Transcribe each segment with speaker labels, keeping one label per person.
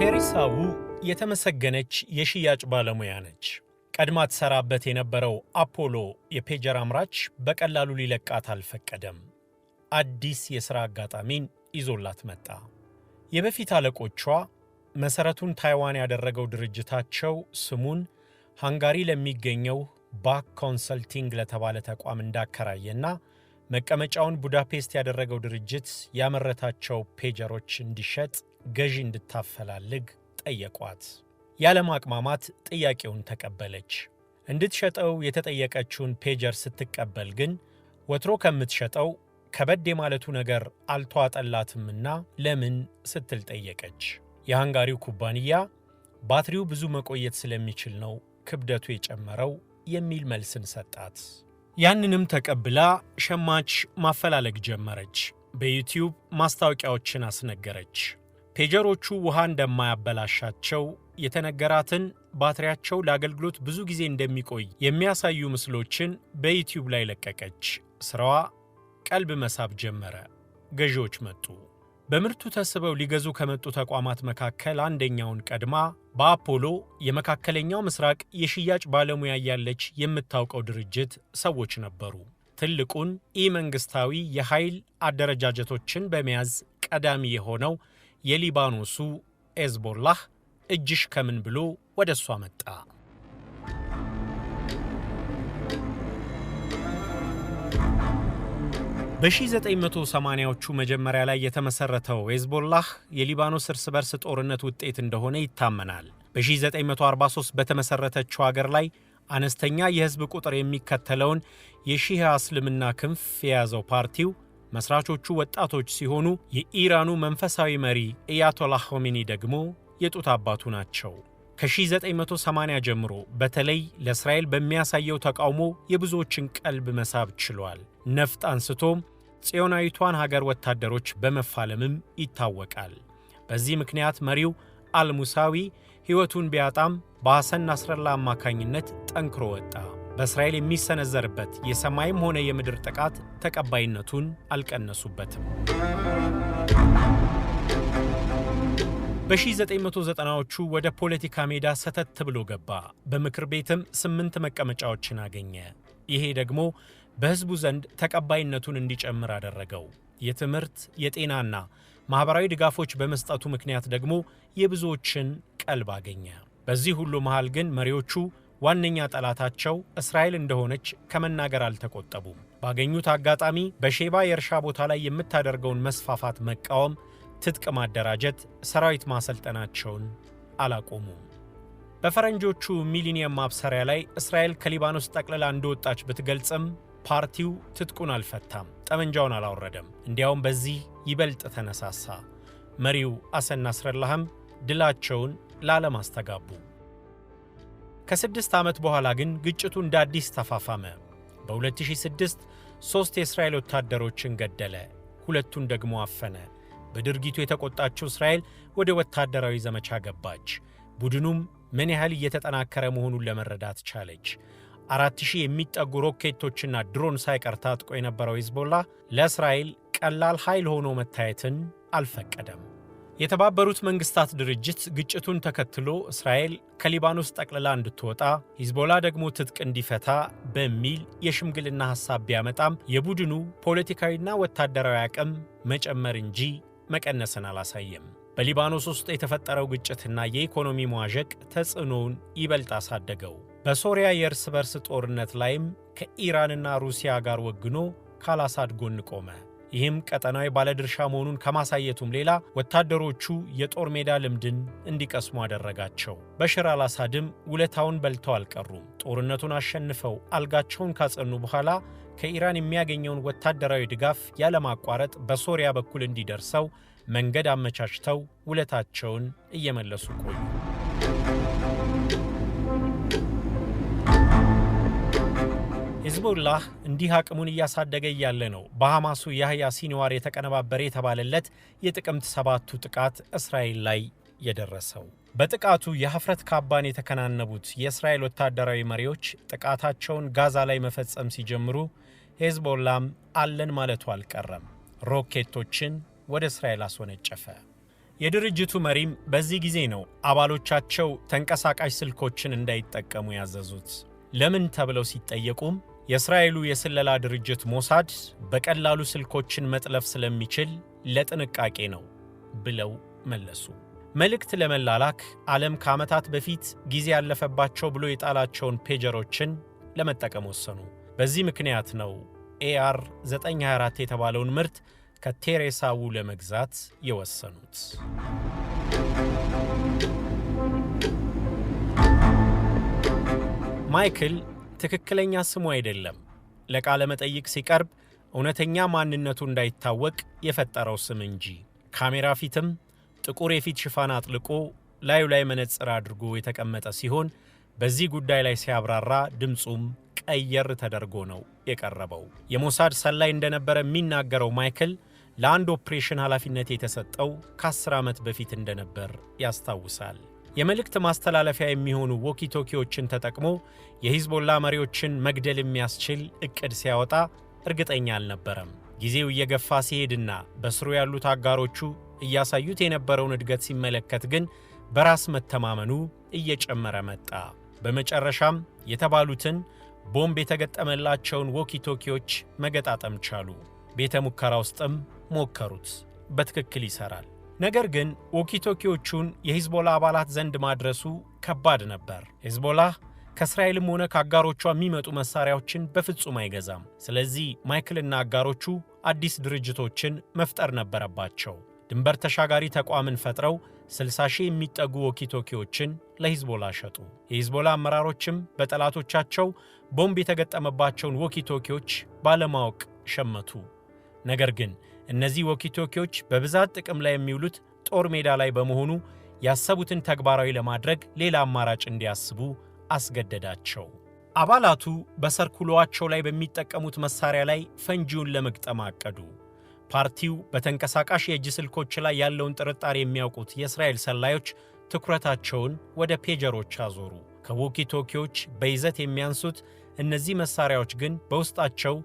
Speaker 1: ቴሬሳ የተመሰገነች የሽያጭ ባለሙያ ነች። ቀድማ ትሰራበት የነበረው አፖሎ የፔጀር አምራች በቀላሉ ሊለቃት አልፈቀደም። አዲስ የሥራ አጋጣሚን ይዞላት መጣ። የበፊት አለቆቿ መሠረቱን ታይዋን ያደረገው ድርጅታቸው ስሙን ሃንጋሪ ለሚገኘው ባክ ኮንሰልቲንግ ለተባለ ተቋም እንዳከራየና መቀመጫውን ቡዳፔስት ያደረገው ድርጅት ያመረታቸው ፔጀሮች እንዲሸጥ ገዢ እንድታፈላልግ ጠየቋት። ያለማቅማማት ጥያቄውን ተቀበለች። እንድትሸጠው የተጠየቀችውን ፔጀር ስትቀበል ግን ወትሮ ከምትሸጠው ከበድ የማለቱ ነገር አልተዋጠላትምና ለምን ስትል ጠየቀች። የሃንጋሪው ኩባንያ ባትሪው ብዙ መቆየት ስለሚችል ነው ክብደቱ የጨመረው የሚል መልስን ሰጣት። ያንንም ተቀብላ ሸማች ማፈላለግ ጀመረች። በዩቲዩብ ማስታወቂያዎችን አስነገረች። ፔጀሮቹ ውሃ እንደማያበላሻቸው የተነገራትን ባትሪያቸው ለአገልግሎት ብዙ ጊዜ እንደሚቆይ የሚያሳዩ ምስሎችን በዩቲዩብ ላይ ለቀቀች። ስራዋ ቀልብ መሳብ ጀመረ። ገዢዎች መጡ። በምርቱ ተስበው ሊገዙ ከመጡ ተቋማት መካከል አንደኛውን ቀድማ በአፖሎ የመካከለኛው ምስራቅ የሽያጭ ባለሙያ እያለች የምታውቀው ድርጅት ሰዎች ነበሩ። ትልቁን ኢ መንግስታዊ የኃይል አደረጃጀቶችን በመያዝ ቀዳሚ የሆነው የሊባኖሱ ኤዝቦላህ እጅሽ ከምን ብሎ ወደ እሷ መጣ። በ1980ዎቹ መጀመሪያ ላይ የተመሰረተው ሄዝቦላህ የሊባኖስ እርስ በርስ ጦርነት ውጤት እንደሆነ ይታመናል። በ1943 በተመሰረተችው አገር ላይ አነስተኛ የህዝብ ቁጥር የሚከተለውን የሺህ እስልምና ክንፍ የያዘው ፓርቲው መስራቾቹ ወጣቶች ሲሆኑ የኢራኑ መንፈሳዊ መሪ ኢያቶላ ሆሜኒ ደግሞ የጡት አባቱ ናቸው። ከ1980 ጀምሮ በተለይ ለእስራኤል በሚያሳየው ተቃውሞ የብዙዎችን ቀልብ መሳብ ችሏል። ነፍጥ አንስቶም ጽዮናዊቷን ሀገር ወታደሮች በመፋለምም ይታወቃል። በዚህ ምክንያት መሪው አልሙሳዊ ሕይወቱን ቢያጣም በሐሰን ናስረላ አማካኝነት ጠንክሮ ወጣ። በእስራኤል የሚሰነዘርበት የሰማይም ሆነ የምድር ጥቃት ተቀባይነቱን አልቀነሱበትም። በ1990ዎቹ ወደ ፖለቲካ ሜዳ ሰተት ብሎ ገባ። በምክር ቤትም ስምንት መቀመጫዎችን አገኘ። ይሄ ደግሞ በሕዝቡ ዘንድ ተቀባይነቱን እንዲጨምር አደረገው። የትምህርት የጤናና ማኅበራዊ ድጋፎች በመስጠቱ ምክንያት ደግሞ የብዙዎችን ቀልብ አገኘ። በዚህ ሁሉ መሃል ግን መሪዎቹ ዋነኛ ጠላታቸው እስራኤል እንደሆነች ከመናገር አልተቆጠቡም። ባገኙት አጋጣሚ በሼባ የእርሻ ቦታ ላይ የምታደርገውን መስፋፋት መቃወም፣ ትጥቅ ማደራጀት፣ ሰራዊት ማሰልጠናቸውን አላቆሙም። በፈረንጆቹ ሚሊኒየም ማብሰሪያ ላይ እስራኤል ከሊባኖስ ጠቅልላ እንደወጣች ብትገልጽም ፓርቲው ትጥቁን አልፈታም፣ ጠመንጃውን አላወረደም። እንዲያውም በዚህ ይበልጥ ተነሳሳ። መሪው አሰን ናስረላህም ድላቸውን ላለማስተጋቡ ከስድስት ዓመት በኋላ ግን ግጭቱ እንደ አዲስ ተፋፋመ። በ2006 ሦስት የእስራኤል ወታደሮችን ገደለ፣ ሁለቱን ደግሞ አፈነ። በድርጊቱ የተቆጣችው እስራኤል ወደ ወታደራዊ ዘመቻ ገባች። ቡድኑም ምን ያህል እየተጠናከረ መሆኑን ለመረዳት ቻለች። አራት ሺህ የሚጠጉ ሮኬቶችና ድሮን ሳይቀር ታጥቆ የነበረው ሂዝቦላ ለእስራኤል ቀላል ኃይል ሆኖ መታየትን አልፈቀደም። የተባበሩት መንግስታት ድርጅት ግጭቱን ተከትሎ እስራኤል ከሊባኖስ ጠቅልላ እንድትወጣ ሂዝቦላ ደግሞ ትጥቅ እንዲፈታ በሚል የሽምግልና ሐሳብ ቢያመጣም የቡድኑ ፖለቲካዊና ወታደራዊ አቅም መጨመር እንጂ መቀነስን አላሳየም። በሊባኖስ ውስጥ የተፈጠረው ግጭትና የኢኮኖሚ መዋዠቅ ተጽዕኖውን ይበልጥ አሳደገው። በሶሪያ የእርስ በርስ ጦርነት ላይም ከኢራንና ሩሲያ ጋር ወግኖ ካላሳድ ጎን ቆመ። ይህም ቀጠናዊ ባለድርሻ መሆኑን ከማሳየቱም ሌላ ወታደሮቹ የጦር ሜዳ ልምድን እንዲቀስሙ አደረጋቸው። በሽር አላሳድም ውለታውን በልተው አልቀሩም። ጦርነቱን አሸንፈው አልጋቸውን ካጸኑ በኋላ ከኢራን የሚያገኘውን ወታደራዊ ድጋፍ ያለማቋረጥ በሶሪያ በኩል እንዲደርሰው መንገድ አመቻችተው ውለታቸውን እየመለሱ ቆዩ። ሂዝቦላህ እንዲህ አቅሙን እያሳደገ እያለ ነው በሐማሱ ያህያ ሲንዋር የተቀነባበረ የተባለለት የጥቅምት ሰባቱ ጥቃት እስራኤል ላይ የደረሰው። በጥቃቱ የህፍረት ካባን የተከናነቡት የእስራኤል ወታደራዊ መሪዎች ጥቃታቸውን ጋዛ ላይ መፈጸም ሲጀምሩ ሄዝቦላም አለን ማለቱ አልቀረም። ሮኬቶችን ወደ እስራኤል አስወነጨፈ። የድርጅቱ መሪም በዚህ ጊዜ ነው አባሎቻቸው ተንቀሳቃሽ ስልኮችን እንዳይጠቀሙ ያዘዙት። ለምን ተብለው ሲጠየቁም የእስራኤሉ የስለላ ድርጅት ሞሳድ በቀላሉ ስልኮችን መጥለፍ ስለሚችል ለጥንቃቄ ነው ብለው መለሱ። መልእክት ለመላላክ ዓለም ከዓመታት በፊት ጊዜ ያለፈባቸው ብሎ የጣላቸውን ፔጀሮችን ለመጠቀም ወሰኑ። በዚህ ምክንያት ነው ኤአር 924 የተባለውን ምርት ከቴሬሳ ለመግዛት የወሰኑት። ማይክል ትክክለኛ ስሙ አይደለም። ለቃለ መጠይቅ ሲቀርብ እውነተኛ ማንነቱ እንዳይታወቅ የፈጠረው ስም እንጂ። ካሜራ ፊትም ጥቁር የፊት ሽፋን አጥልቆ ላዩ ላይ መነጽር አድርጎ የተቀመጠ ሲሆን በዚህ ጉዳይ ላይ ሲያብራራ ድምፁም ቀየር ተደርጎ ነው የቀረበው። የሞሳድ ሰላይ እንደነበረ የሚናገረው ማይክል ለአንድ ኦፕሬሽን ኃላፊነት የተሰጠው ከአስር ዓመት በፊት እንደነበር ያስታውሳል። የመልእክት ማስተላለፊያ የሚሆኑ ወኪቶኪዎችን ተጠቅሞ የሂዝቦላ መሪዎችን መግደል የሚያስችል እቅድ ሲያወጣ እርግጠኛ አልነበረም። ጊዜው እየገፋ ሲሄድና በስሩ ያሉት አጋሮቹ እያሳዩት የነበረውን እድገት ሲመለከት ግን በራስ መተማመኑ እየጨመረ መጣ። በመጨረሻም የተባሉትን ቦምብ የተገጠመላቸውን ወኪቶኪዎች መገጣጠም ቻሉ። ቤተ ሙከራ ውስጥም ሞከሩት። በትክክል ይሠራል። ነገር ግን ዎኪቶኪዎቹን የሂዝቦላ አባላት ዘንድ ማድረሱ ከባድ ነበር። ሂዝቦላ ከእስራኤልም ሆነ ከአጋሮቿ የሚመጡ መሳሪያዎችን በፍጹም አይገዛም። ስለዚህ ማይክልና አጋሮቹ አዲስ ድርጅቶችን መፍጠር ነበረባቸው። ድንበር ተሻጋሪ ተቋምን ፈጥረው 60 ሺህ የሚጠጉ ወኪቶኪዎችን ለሂዝቦላ ሸጡ። የሂዝቦላ አመራሮችም በጠላቶቻቸው ቦምብ የተገጠመባቸውን ወኪቶኪዎች ባለማወቅ ሸመቱ። ነገር ግን እነዚህ ወኪቶኪዎች በብዛት ጥቅም ላይ የሚውሉት ጦር ሜዳ ላይ በመሆኑ ያሰቡትን ተግባራዊ ለማድረግ ሌላ አማራጭ እንዲያስቡ አስገደዳቸው። አባላቱ በሰርኩሏቸው ላይ በሚጠቀሙት መሳሪያ ላይ ፈንጂውን ለመግጠም አቀዱ። ፓርቲው በተንቀሳቃሽ የእጅ ስልኮች ላይ ያለውን ጥርጣሬ የሚያውቁት የእስራኤል ሰላዮች ትኩረታቸውን ወደ ፔጀሮች አዞሩ። ከዎኪ ቶኪዎች በይዘት የሚያንሱት እነዚህ መሳሪያዎች ግን በውስጣቸው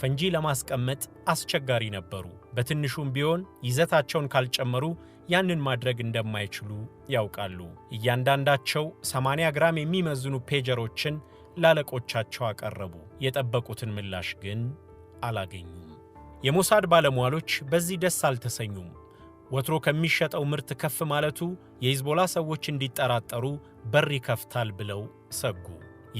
Speaker 1: ፈንጂ ለማስቀመጥ አስቸጋሪ ነበሩ። በትንሹም ቢሆን ይዘታቸውን ካልጨመሩ ያንን ማድረግ እንደማይችሉ ያውቃሉ። እያንዳንዳቸው 80 ግራም የሚመዝኑ ፔጀሮችን ላለቆቻቸው አቀረቡ። የጠበቁትን ምላሽ ግን አላገኙም። የሞሳድ ባለሟሎች በዚህ ደስ አልተሰኙም። ወትሮ ከሚሸጠው ምርት ከፍ ማለቱ የሂዝቦላ ሰዎች እንዲጠራጠሩ በር ይከፍታል ብለው ሰጉ።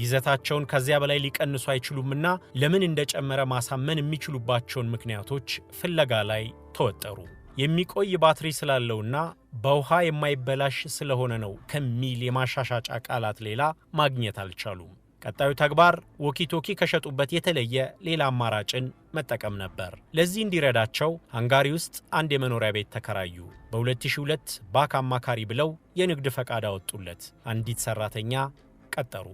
Speaker 1: ይዘታቸውን ከዚያ በላይ ሊቀንሱ አይችሉምና ለምን እንደጨመረ ማሳመን የሚችሉባቸውን ምክንያቶች ፍለጋ ላይ ተወጠሩ። የሚቆይ ባትሪ ስላለውና በውሃ የማይበላሽ ስለሆነ ነው ከሚል የማሻሻጫ ቃላት ሌላ ማግኘት አልቻሉም። ቀጣዩ ተግባር ወኪቶኪ ከሸጡበት የተለየ ሌላ አማራጭን መጠቀም ነበር። ለዚህ እንዲረዳቸው ሃንጋሪ ውስጥ አንድ የመኖሪያ ቤት ተከራዩ። በ2002 ባክ አማካሪ ብለው የንግድ ፈቃድ አወጡለት። አንዲት ሰራተኛ ቀጠሩ።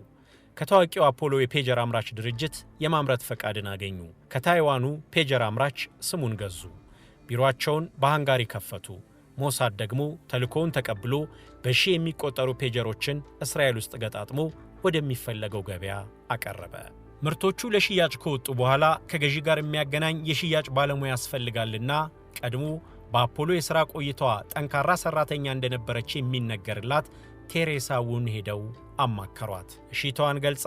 Speaker 1: ከታዋቂው አፖሎ የፔጀር አምራች ድርጅት የማምረት ፈቃድን አገኙ። ከታይዋኑ ፔጀር አምራች ስሙን ገዙ። ቢሮአቸውን በሃንጋሪ ከፈቱ። ሞሳድ ደግሞ ተልእኮውን ተቀብሎ በሺ የሚቆጠሩ ፔጀሮችን እስራኤል ውስጥ ገጣጥሞ ወደሚፈለገው ገበያ አቀረበ። ምርቶቹ ለሽያጭ ከወጡ በኋላ ከገዢ ጋር የሚያገናኝ የሽያጭ ባለሙያ ያስፈልጋልና ቀድሞ በአፖሎ የሥራ ቆይታዋ ጠንካራ ሠራተኛ እንደነበረች የሚነገርላት ቴሬሳ ውን ሄደው አማከሯት። እሺታዋን ገልጻ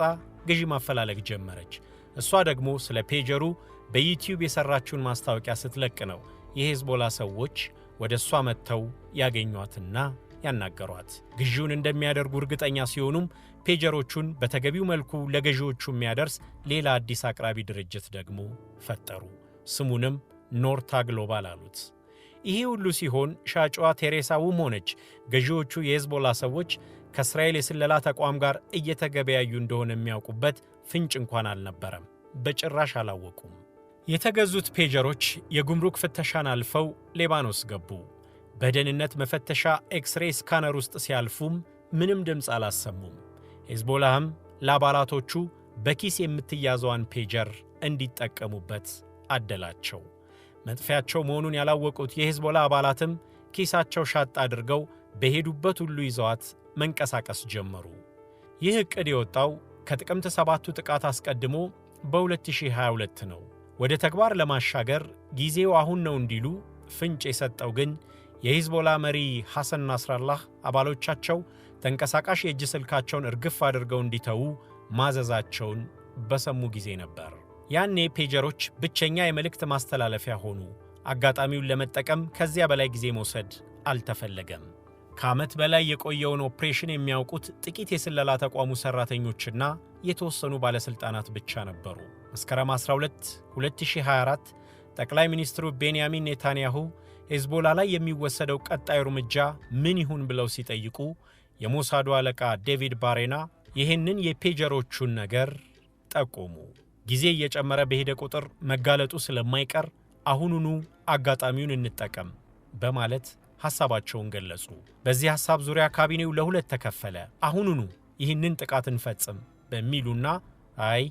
Speaker 1: ገዢ ማፈላለግ ጀመረች። እሷ ደግሞ ስለ ፔጀሩ በዩቲዩብ የሠራችውን ማስታወቂያ ስትለቅ ነው የሄዝቦላ ሰዎች ወደ እሷ መጥተው ያገኟትና ያናገሯት። ግዢውን እንደሚያደርጉ እርግጠኛ ሲሆኑም ፔጀሮቹን በተገቢው መልኩ ለገዢዎቹ የሚያደርስ ሌላ አዲስ አቅራቢ ድርጅት ደግሞ ፈጠሩ። ስሙንም ኖርታ ግሎባል አሉት። ይህ ሁሉ ሲሆን ሻጯ ቴሬሳ ውም ሆነች ገዢዎቹ የሄዝቦላ ሰዎች ከእስራኤል የስለላ ተቋም ጋር እየተገበያዩ እንደሆነ የሚያውቁበት ፍንጭ እንኳን አልነበረም። በጭራሽ አላወቁም። የተገዙት ፔጀሮች የጉምሩክ ፍተሻን አልፈው ሌባኖስ ገቡ። በደህንነት መፈተሻ ኤክስሬ ስካነር ውስጥ ሲያልፉም ምንም ድምፅ አላሰሙም። ሄዝቦላህም ለአባላቶቹ በኪስ የምትያዘዋን ፔጀር እንዲጠቀሙበት አደላቸው። መጥፊያቸው መሆኑን ያላወቁት የሄዝቦላ አባላትም ኪሳቸው ሻጥ አድርገው በሄዱበት ሁሉ ይዘዋት መንቀሳቀስ ጀመሩ። ይህ ዕቅድ የወጣው ከጥቅምት ሰባቱ ጥቃት አስቀድሞ በ2022 ነው። ወደ ተግባር ለማሻገር ጊዜው አሁን ነው እንዲሉ ፍንጭ የሰጠው ግን የሂዝቦላ መሪ ሐሰን ናስራላህ አባሎቻቸው ተንቀሳቃሽ የእጅ ስልካቸውን እርግፍ አድርገው እንዲተዉ ማዘዛቸውን በሰሙ ጊዜ ነበር። ያኔ ፔጀሮች ብቸኛ የመልእክት ማስተላለፊያ ሆኑ። አጋጣሚውን ለመጠቀም ከዚያ በላይ ጊዜ መውሰድ አልተፈለገም። ከዓመት በላይ የቆየውን ኦፕሬሽን የሚያውቁት ጥቂት የስለላ ተቋሙ ሠራተኞችና የተወሰኑ ባለሥልጣናት ብቻ ነበሩ። መስከረም 12 2024 ጠቅላይ ሚኒስትሩ ቤንያሚን ኔታንያሁ ሄዝቦላ ላይ የሚወሰደው ቀጣዩ እርምጃ ምን ይሁን ብለው ሲጠይቁ የሞሳዱ አለቃ ዴቪድ ባሬና ይህንን የፔጀሮቹን ነገር ጠቆሙ። ጊዜ እየጨመረ በሄደ ቁጥር መጋለጡ ስለማይቀር አሁኑኑ አጋጣሚውን እንጠቀም በማለት ሐሳባቸውን ገለጹ። በዚህ ሐሳብ ዙሪያ ካቢኔው ለሁለት ተከፈለ። አሁኑኑ ይህንን ጥቃት እንፈጽም በሚሉና አይ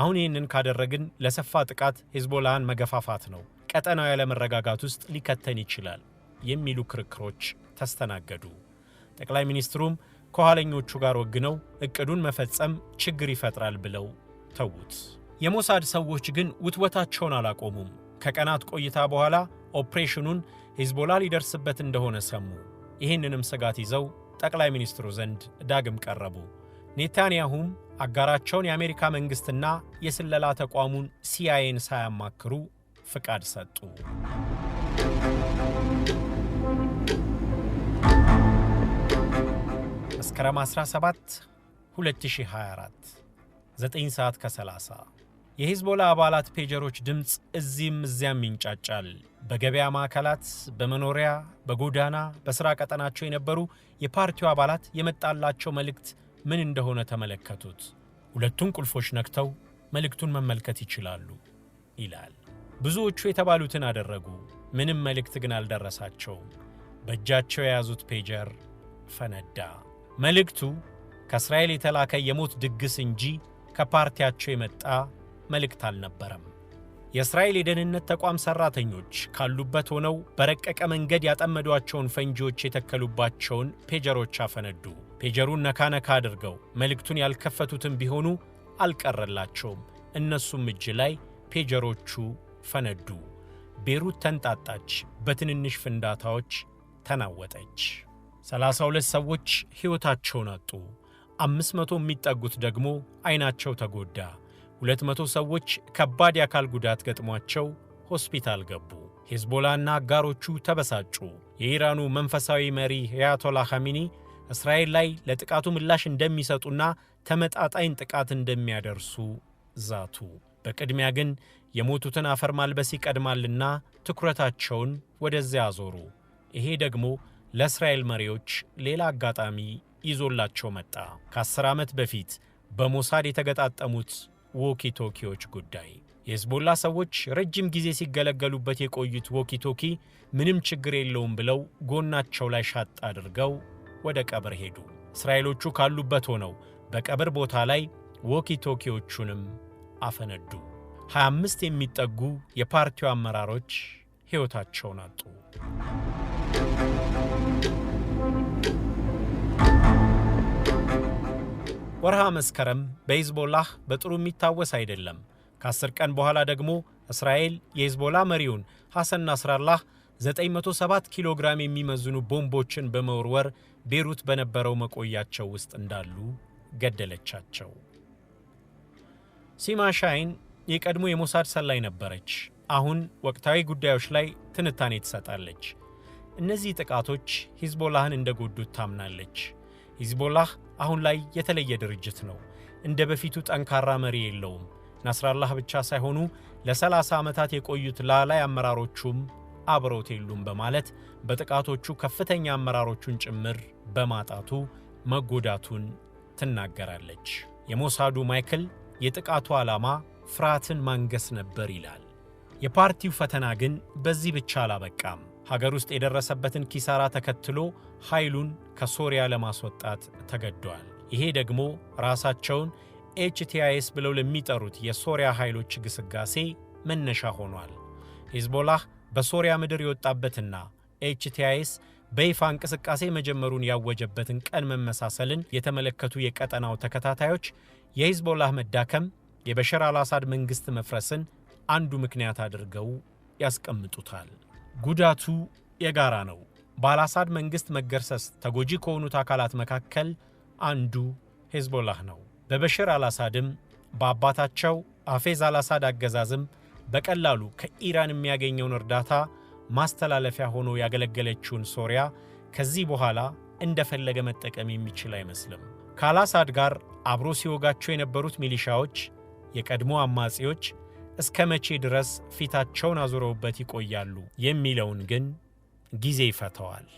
Speaker 1: አሁን ይህንን ካደረግን ለሰፋ ጥቃት ሄዝቦላህን መገፋፋት ነው፣ ቀጠናው ያለመረጋጋት ውስጥ ሊከተን ይችላል የሚሉ ክርክሮች ተስተናገዱ። ጠቅላይ ሚኒስትሩም ከኋለኞቹ ጋር ወግነው እቅዱን መፈጸም ችግር ይፈጥራል ብለው ተዉት። የሞሳድ ሰዎች ግን ውትወታቸውን አላቆሙም። ከቀናት ቆይታ በኋላ ኦፕሬሽኑን ሂዝቦላ ሊደርስበት እንደሆነ ሰሙ። ይህንንም ስጋት ይዘው ጠቅላይ ሚኒስትሩ ዘንድ ዳግም ቀረቡ። ኔታንያሁም አጋራቸውን የአሜሪካ መንግሥትና የስለላ ተቋሙን ሲአይኤን ሳያማክሩ ፍቃድ ሰጡ። መስከረም 17 2024 9 ሰዓት ከ30 የሂዝቦላ አባላት ፔጀሮች ድምፅ እዚህም እዚያም ይንጫጫል። በገበያ ማዕከላት፣ በመኖሪያ፣ በጎዳና፣ በሥራ ቀጠናቸው የነበሩ የፓርቲው አባላት የመጣላቸው መልእክት ምን እንደሆነ ተመለከቱት። ሁለቱን ቁልፎች ነክተው መልእክቱን መመልከት ይችላሉ ይላል። ብዙዎቹ የተባሉትን አደረጉ። ምንም መልእክት ግን አልደረሳቸውም። በእጃቸው የያዙት ፔጀር ፈነዳ። መልእክቱ ከእስራኤል የተላከ የሞት ድግስ እንጂ ከፓርቲያቸው የመጣ መልእክት አልነበረም። የእስራኤል የደህንነት ተቋም ሠራተኞች ካሉበት ሆነው በረቀቀ መንገድ ያጠመዷቸውን ፈንጂዎች የተከሉባቸውን ፔጀሮች አፈነዱ። ፔጀሩን ነካ ነካ አድርገው መልእክቱን ያልከፈቱትም ቢሆኑ አልቀረላቸውም። እነሱም እጅ ላይ ፔጀሮቹ ፈነዱ። ቤሩት ተንጣጣች፣ በትንንሽ ፍንዳታዎች ተናወጠች። 32 ሰዎች ሕይወታቸውን አጡ። 500 የሚጠጉት ደግሞ ዐይናቸው ተጎዳ። ሁለት መቶ ሰዎች ከባድ የአካል ጉዳት ገጥሟቸው ሆስፒታል ገቡ። ሄዝቦላና አጋሮቹ ተበሳጩ። የኢራኑ መንፈሳዊ መሪ አያቶላ ኻሚኒ እስራኤል ላይ ለጥቃቱ ምላሽ እንደሚሰጡና ተመጣጣኝ ጥቃት እንደሚያደርሱ ዛቱ። በቅድሚያ ግን የሞቱትን አፈር ማልበስ ይቀድማልና ትኩረታቸውን ወደዚያ አዞሩ። ይሄ ደግሞ ለእስራኤል መሪዎች ሌላ አጋጣሚ ይዞላቸው መጣ። ከአስር ዓመት በፊት በሞሳድ የተገጣጠሙት ዎኪቶኪዎች ጉዳይ የሄዝቦላ ሰዎች ረጅም ጊዜ ሲገለገሉበት የቆዩት ዎኪቶኪ ምንም ችግር የለውም ብለው ጎናቸው ላይ ሻጥ አድርገው ወደ ቀብር ሄዱ። እስራኤሎቹ ካሉበት ሆነው በቀብር ቦታ ላይ ዎኪቶኪዎቹንም አፈነዱ። 25 የሚጠጉ የፓርቲው አመራሮች ሕይወታቸውን አጡ። ወርሃ መስከረም በሂዝቦላህ በጥሩ የሚታወስ አይደለም። ከአስር ቀን በኋላ ደግሞ እስራኤል የሂዝቦላ መሪውን ሐሰን ናስራላህ 907 ኪሎ ግራም የሚመዝኑ ቦምቦችን በመወርወር ቤሩት በነበረው መቆያቸው ውስጥ እንዳሉ ገደለቻቸው። ሲማ ሻይን የቀድሞ የሞሳድ ሰላይ ነበረች። አሁን ወቅታዊ ጉዳዮች ላይ ትንታኔ ትሰጣለች። እነዚህ ጥቃቶች ሂዝቦላህን እንደጎዱት ታምናለች። ሂዝቦላህ አሁን ላይ የተለየ ድርጅት ነው። እንደ በፊቱ ጠንካራ መሪ የለውም። ናስራላህ ብቻ ሳይሆኑ ለ30 ዓመታት የቆዩት ላላይ አመራሮቹም አብረውት የሉም በማለት በጥቃቶቹ ከፍተኛ አመራሮቹን ጭምር በማጣቱ መጎዳቱን ትናገራለች። የሞሳዱ ማይክል የጥቃቱ ዓላማ ፍርሃትን ማንገስ ነበር ይላል። የፓርቲው ፈተና ግን በዚህ ብቻ አላበቃም። ሀገር ውስጥ የደረሰበትን ኪሳራ ተከትሎ ኃይሉን ከሶሪያ ለማስወጣት ተገደዋል። ይሄ ደግሞ ራሳቸውን ኤችቲአይኤስ ብለው ለሚጠሩት የሶሪያ ኃይሎች ግስጋሴ መነሻ ሆኗል። ሂዝቦላህ በሶሪያ ምድር የወጣበትና ኤችቲአይኤስ በይፋ እንቅስቃሴ መጀመሩን ያወጀበትን ቀን መመሳሰልን የተመለከቱ የቀጠናው ተከታታዮች የሂዝቦላህ መዳከም የበሽር አልአሳድ መንግሥት መፍረስን አንዱ ምክንያት አድርገው ያስቀምጡታል። ጉዳቱ የጋራ ነው። በአላሳድ መንግሥት መገርሰስ ተጎጂ ከሆኑት አካላት መካከል አንዱ ሄዝቦላህ ነው። በበሽር አላሳድም በአባታቸው አፌዝ አላሳድ አገዛዝም በቀላሉ ከኢራን የሚያገኘውን እርዳታ ማስተላለፊያ ሆኖ ያገለገለችውን ሶሪያ ከዚህ በኋላ እንደፈለገ መጠቀም የሚችል አይመስልም። ከአላሳድ ጋር አብሮ ሲወጋቸው የነበሩት ሚሊሻዎች፣ የቀድሞ አማጺዎች እስከ መቼ ድረስ ፊታቸውን አዙረውበት ይቆያሉ የሚለውን ግን ጊዜ ይፈተዋል።